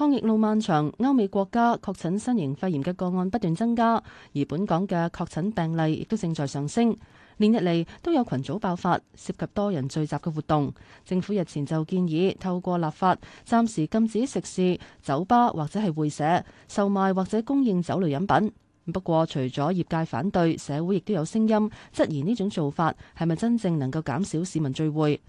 抗疫路漫長，歐美國家確診新型肺炎嘅個案不斷增加，而本港嘅確診病例亦都正在上升。連日嚟都有群組爆發，涉及多人聚集嘅活動。政府日前就建議透過立法，暫時禁止食肆、酒吧或者係會社售賣或者供應酒類飲品。不過，除咗業界反對，社會亦都有聲音質疑呢種做法係咪真正能夠減少市民聚會。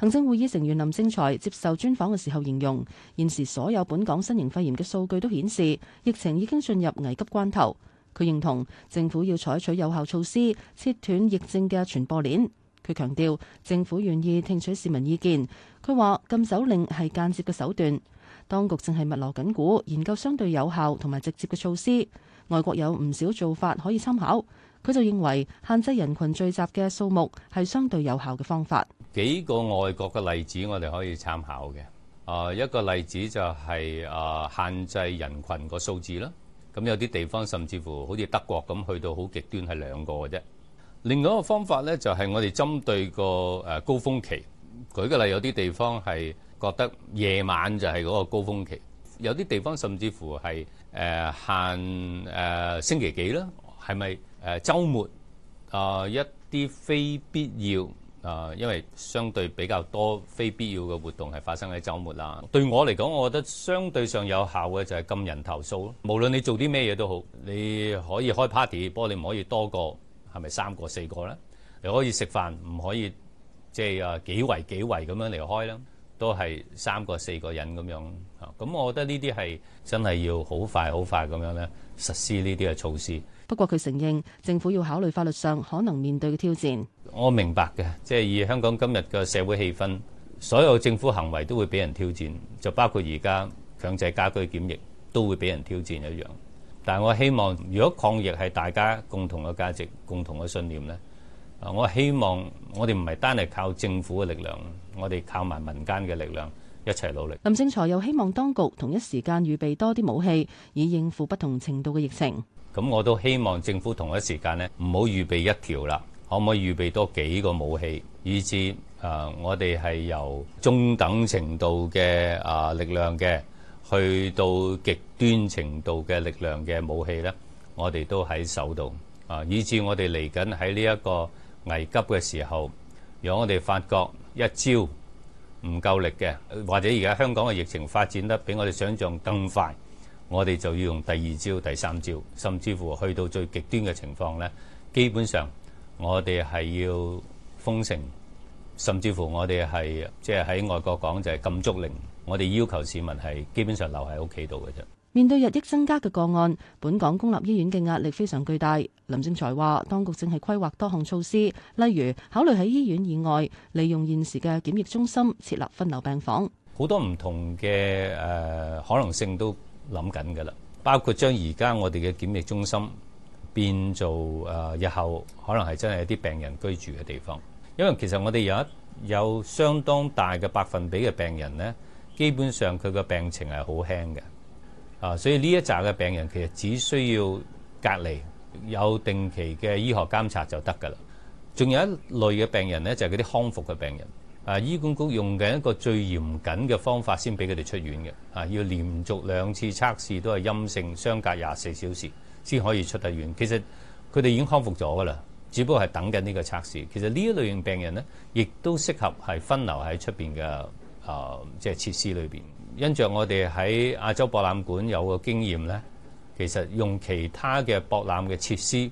行政會議成員林正財接受專訪嘅時候形容，現時所有本港新型肺炎嘅數據都顯示疫情已經進入危急關頭。佢認同政府要採取有效措施，切斷疫症嘅傳播鏈。佢強調政府願意聽取市民意見。佢話禁酒令係間接嘅手段，當局正係密鑼緊鼓研究相對有效同埋直接嘅措施。外國有唔少做法可以參考。佢就認為限制人群聚集嘅數目係相對有效嘅方法。幾個外國嘅例子，我哋可以參考嘅。啊，一個例子就係啊，限制人群個數字啦。咁有啲地方甚至乎好似德國咁，去到好極端，係兩個嘅啫。另外一個方法呢，就係我哋針對個誒高峰期舉個例，有啲地方係覺得夜晚就係嗰個高峰期，有啲地方甚至乎係誒限誒星期幾啦？係咪誒週末啊？一啲非必要。啊，因為相對比較多非必要嘅活動係發生喺週末啦。對我嚟講，我覺得相對上有效嘅就係禁人頭數咯。無論你做啲咩嘢都好，你可以開 party，不過你唔可以多過係咪三個四個咧？你可以食飯，唔可以即係啊幾圍幾圍咁樣嚟開啦，都係三個四個人咁樣吓。咁我覺得呢啲係真係要好快好快咁樣咧實施呢啲嘅措施。不過佢承認政府要考慮法律上可能面對嘅挑戰。我明白嘅，即係以香港今日嘅社會氣氛，所有政府行為都會俾人挑戰，就包括而家強制家居檢疫都會俾人挑戰一樣。但係我希望，如果抗疫係大家共同嘅價值、共同嘅信念咧，啊，我希望我哋唔係單係靠政府嘅力量，我哋靠埋民間嘅力量。一齊努力。林正財又希望當局同一時間預備多啲武器，以應付不同程度嘅疫情。咁我都希望政府同一時間呢，唔好預備一條啦，可唔可以預備多幾個武器，以至、啊、我哋係由中等程度嘅啊力量嘅，去到極端程度嘅力量嘅武器咧，我哋都喺手度啊，以至我哋嚟緊喺呢一個危急嘅時候，如果我哋發覺一招唔夠力嘅，或者而家香港嘅疫情發展得比我哋想象更快，嗯、我哋就要用第二招、第三招，甚至乎去到最極端嘅情況呢，基本上我哋係要封城，甚至乎我哋係即係喺外國講就係禁足令，我哋要求市民係基本上留喺屋企度嘅啫。面對日益增加嘅個案，本港公立醫院嘅壓力非常巨大。林正財話，當局正係規劃多項措施，例如考慮喺醫院以外利用現時嘅檢疫中心設立分流病房。好多唔同嘅誒，可能性都諗緊噶啦，包括將而家我哋嘅檢疫中心變做誒，日後可能係真係一啲病人居住嘅地方。因為其實我哋有一有相當大嘅百分比嘅病人呢，基本上佢嘅病情係好輕嘅。啊，所以呢一紮嘅病人其實只需要隔離，有定期嘅醫學監察就得噶啦。仲有一類嘅病人咧，就係嗰啲康復嘅病人。啊，醫管局用緊一個最嚴謹嘅方法先俾佢哋出院嘅。啊，要連續兩次測試都係陰性，相隔廿四小時先可以出得院。其實佢哋已經康復咗噶啦，只不過係等緊呢個測試。其實呢一類型病人咧，亦都適合係分流喺出邊嘅啊，即係設施裏邊。因着我哋喺亞洲博覽館有個經驗咧，其實用其他嘅博覽嘅設施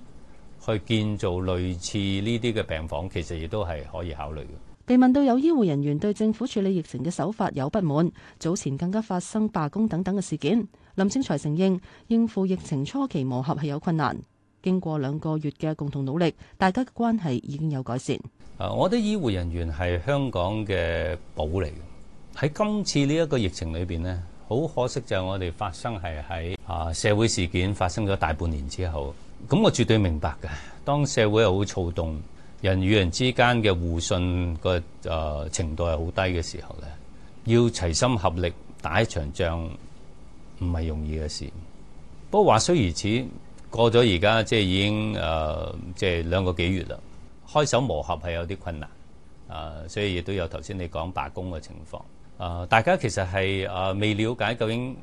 去建造類似呢啲嘅病房，其實亦都係可以考慮嘅。被問到有醫護人員對政府處理疫情嘅手法有不滿，早前更加發生罷工等等嘅事件，林正財承認應付疫情初期磨合係有困難，經過兩個月嘅共同努力，大家嘅關係已經有改善。我覺得醫護人員係香港嘅寶嚟嘅。喺今次呢一個疫情裏邊呢，好可惜就係我哋發生係喺啊社會事件發生咗大半年之後，咁我絕對明白嘅。當社會係好躁動，人與人之間嘅互信個誒、呃、程度係好低嘅時候咧，要齊心合力打一場仗唔係容易嘅事。不過話雖如此，過咗而家即係已經誒、呃、即係兩個幾月啦，開手磨合係有啲困難啊、呃，所以亦都有頭先你講罷工嘅情況。啊！大家其實係啊，未了解究竟，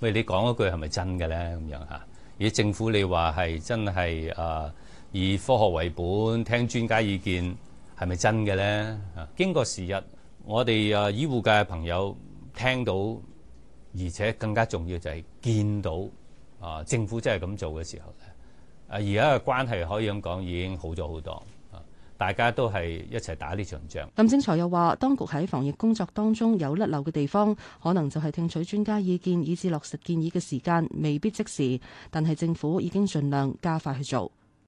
喂你講嗰句係咪真嘅咧？咁樣吓，而政府你話係真係啊，以科學為本，聽專家意見係咪真嘅咧？經過時日，我哋啊醫護界嘅朋友聽到，而且更加重要就係見到啊政府真係咁做嘅時候咧，啊而家嘅關係可以咁講已經好咗好多。大家都係一齊打呢場仗。林正財又話，當局喺防疫工作當中有甩漏嘅地方，可能就係聽取專家意見以至落實建議嘅時間未必即時，但係政府已經盡量加快去做。